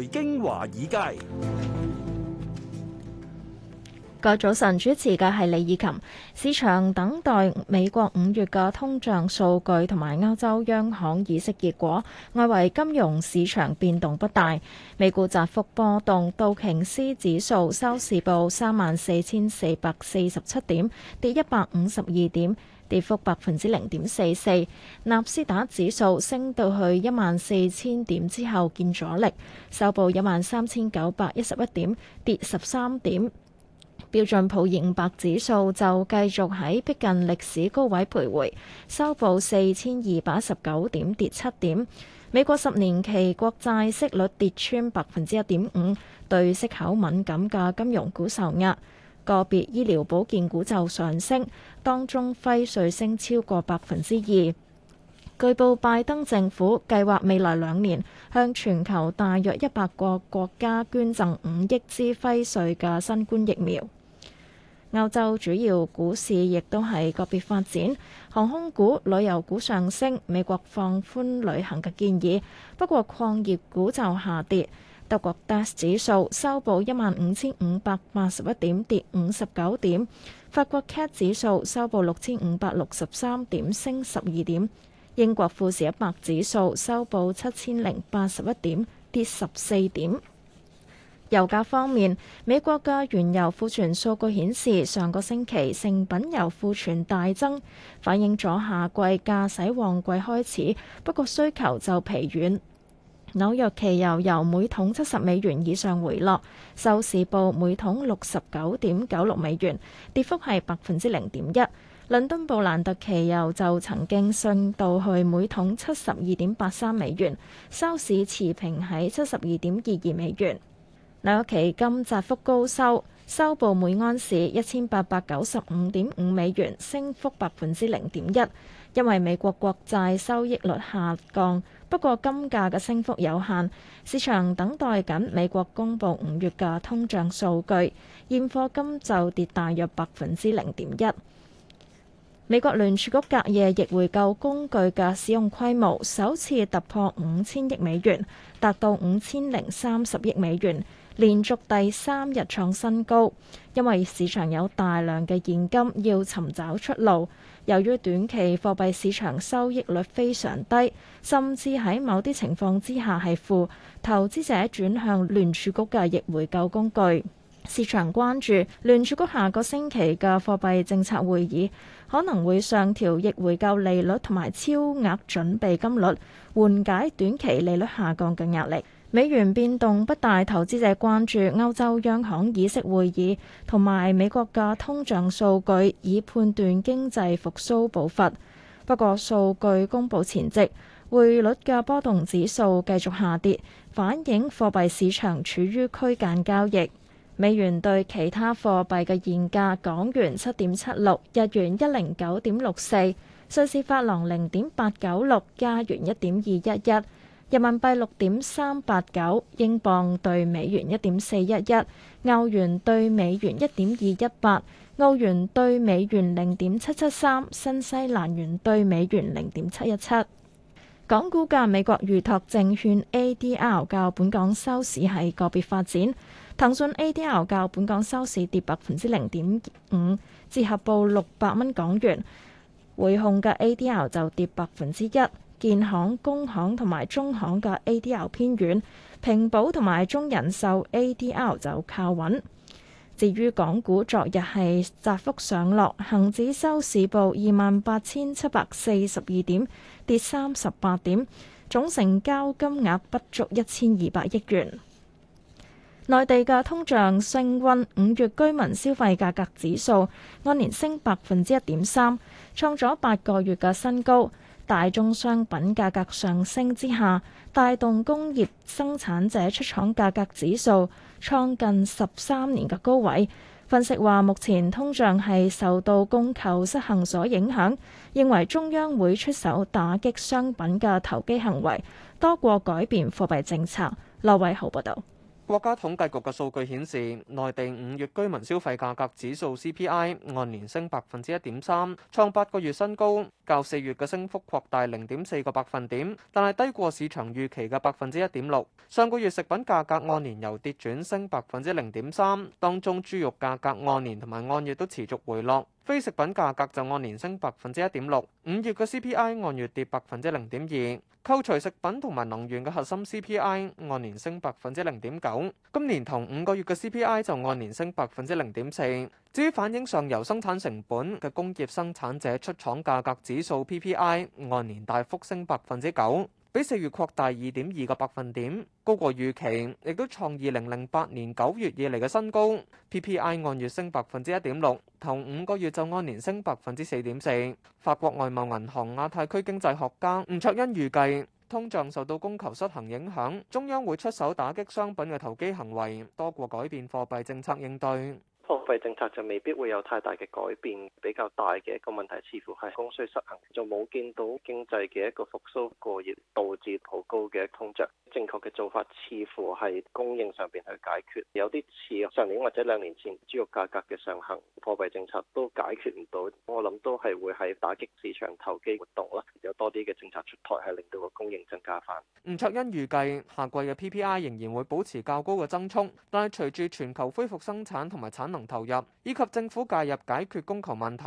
財經華爾街，各位早晨，主持嘅係李以琴。市場等待美國五月嘅通脹數據同埋歐洲央行議息結果，外圍金融市場變動不大。美股窄幅波動，道瓊斯指數收市報三萬四千四百四十七點，跌一百五十二點。跌幅百分之零點四四，納斯達克指數升到去一萬四千點之後見阻力，收報一萬三千九百一十一點，跌十三點。標準普爾五百指數就繼續喺逼近歷史高位徘徊，收報四千二百一十九點，跌七點。美國十年期國債息率跌穿百分之一點五，對息口敏感嘅金融股受壓。個別醫療保健股就上升，當中輝瑞升超過百分之二。據報拜登政府計劃未來兩年向全球大約一百個國家捐贈五億支輝瑞嘅新冠疫苗。歐洲主要股市亦都係個別發展，航空股、旅遊股上升，美國放寬旅行嘅建議，不過礦業股就下跌。德國 DAX 指數收報一萬五千五百八十一點，跌五十九點。法國 CAC 指數收報六千五百六十三點，升十二點。英國富時一百指數收報七千零八十一點，跌十四點。油價方面，美國嘅原油庫存數據顯示，上個星期成品油庫存大增，反映咗夏季駕駛旺季開始，不過需求就疲軟。紐約期油由每桶七十美元以上回落，收市報每桶六十九點九六美元，跌幅係百分之零點一。倫敦布蘭特期油就曾經升到去每桶七十二點八三美元，收市持平喺七十二點二二美元。紐約期金窄幅高收。收報每安士一千八百九十五點五美元，升幅百分之零點一，因為美國國債收益率下降。不過金價嘅升幅有限，市場等待緊美國公佈五月嘅通脹數據。現貨金就跌大約百分之零點一。美國聯儲局隔夜逆回購工具嘅使用規模首次突破五千億美元，達到五千零三十億美元。連續第三日創新高，因為市場有大量嘅現金要尋找出路。由於短期貨幣市場收益率非常低，甚至喺某啲情況之下係負，投資者轉向聯儲局嘅逆回購工具。市場關注聯儲局下個星期嘅貨幣政策會議，可能會上調逆回購利率同埋超額準備金率，緩解短期利率下降嘅壓力。美元變動不大，投資者關注歐洲央行議息會議同埋美國嘅通脹數據，以判斷經濟復蘇步伐。不過數據公佈前夕，匯率嘅波動指數繼續下跌，反映貨幣市場處於區間交易。美元兌其他貨幣嘅現價：港元七點七六，日元一零九點六四，瑞士法郎零點八九六，加元一點二一一。人民幣六點三八九，英鎊兌美元一點四一一，歐元兌美元一點二一八，澳元兌美元零點七七三，新西蘭元兌美元零點七一七。港股嘅美國預託證券 ADR 較本港收市係個別發展，騰訊 ADR 較本港收市跌百分之零點五，折合報六百蚊港元。匯控嘅 ADR 就跌百分之一。建行、工行同埋中行嘅 ADR 偏遠，平保同埋中人壽 ADR 就靠穩。至於港股，昨日係窄幅上落，恒指收市報二萬八千七百四十二點，跌三十八點，總成交金額不足一千二百億元。內地嘅通脹升溫，五月居民消費價格指數按年升百分之一點三，創咗八個月嘅新高。大宗商品價格上升之下，帶動工業生產者出廠價格指數創近十三年嘅高位。分析話，目前通脹係受到供求失衡所影響，認為中央會出手打擊商品嘅投機行為多過改變貨幣政策。劉偉豪報道。國家統計局嘅數據顯示，內地五月居民消費價格指數 CPI 按年升百分之一點三，創八個月新高，較四月嘅升幅擴大零點四個百分點，但係低過市場預期嘅百分之一點六。上個月食品價格按年由跌轉升百分之零點三，當中豬肉價格按年同埋按月都持續回落，非食品價格就按年升百分之一點六，五月嘅 CPI 按月跌百分之零點二。扣除食品同埋能源嘅核心 CPI 按年升百分之零點九，今年同五個月嘅 CPI 就按年升百分之零點四。至於反映上游生產成本嘅工業生產者出廠價格指數 PPI 按年大幅升百分之九。比四月擴大二點二個百分點，高過預期，亦都創二零零八年九月以嚟嘅新高。PPI 按月升百分之一點六，同五個月就按年升百分之四點四。法國外貿銀行亞太區經濟學家吳卓恩預計，通脹受到供求失衡影響，中央會出手打擊商品嘅投機行為，多過改變貨幣政策應對。貨幣政策就未必會有太大嘅改變，比較大嘅一個問題似乎係供需失衡，就冇見到經濟嘅一個復甦過熱，導致好高嘅通脹。正確嘅做法似乎係供應上邊，去解決，有啲似上年或者兩年前豬肉價格嘅上行，貨幣政策都解決唔到，我諗都係會係打擊市場投機活動啦，有多啲嘅政策出台係令到個供應增加翻。吳卓恩預計夏季嘅 PPI 仍然會保持較高嘅增沖，但係隨住全球恢復生產同埋產能投入以及政府介入解決供求問題，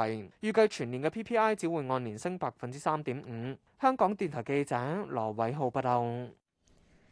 預計全年嘅 PPI 只會按年升百分之三點五。香港電台記者羅偉浩報道，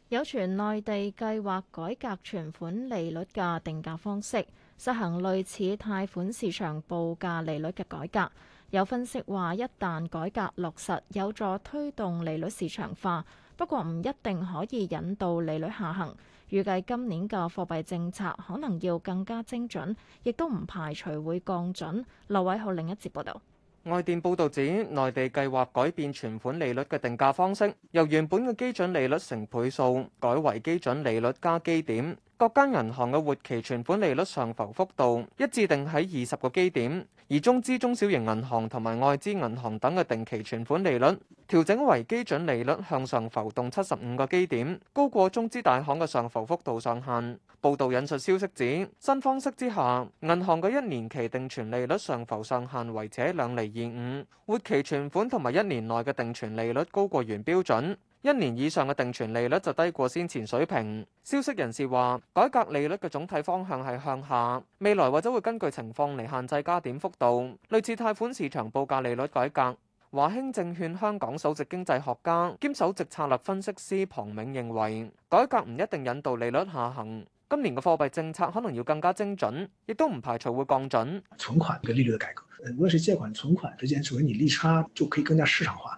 有傳內地計劃改革存款利率嘅定價方式，實行類似貸款市場報價利率嘅改革。有分析話，一旦改革落實，有助推動利率市場化。不過唔一定可以引導利率下行，預計今年嘅貨幣政策可能要更加精準，亦都唔排除會降準。劉偉浩另一節報導，外電報導指，內地計劃改變存款利率嘅定價方式，由原本嘅基準利率成倍數，改為基準利率加基點。各間銀行嘅活期存款利率上浮幅度一致定喺二十個基點，而中資中小型銀行同埋外資銀行等嘅定期存款利率調整為基準利率向上浮動七十五個基點，高過中資大行嘅上浮幅度上限。報道引述消息指，新方式之下，銀行嘅一年期定存利率上浮上限為且兩厘二五，活期存款同埋一年內嘅定存利率高過原標準。一年以上嘅定存利率就低過先前水平。消息人士話，改革利率嘅總體方向係向下，未來或者會根據情況嚟限制加點幅度，類似貸款市場報價利率改革。華興證券香港首席經濟學家兼首席策略分析師龐銘認為，改革唔一定引導利率下行，今年嘅貨幣政策可能要更加精準，亦都唔排除會降準。存款嘅利率改革，無論是借款存款之間屬於你利差就可以更加市場化。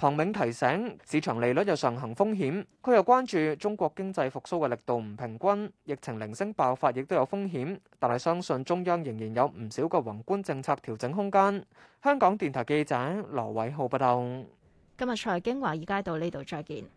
龐永提醒，市場利率有上行風險。佢又關注中國經濟復甦嘅力度唔平均，疫情零星爆發亦都有風險。但係相信中央仍然有唔少嘅宏觀政策調整空間。香港電台記者羅偉浩報道。今日財經華爾街到呢度，再見。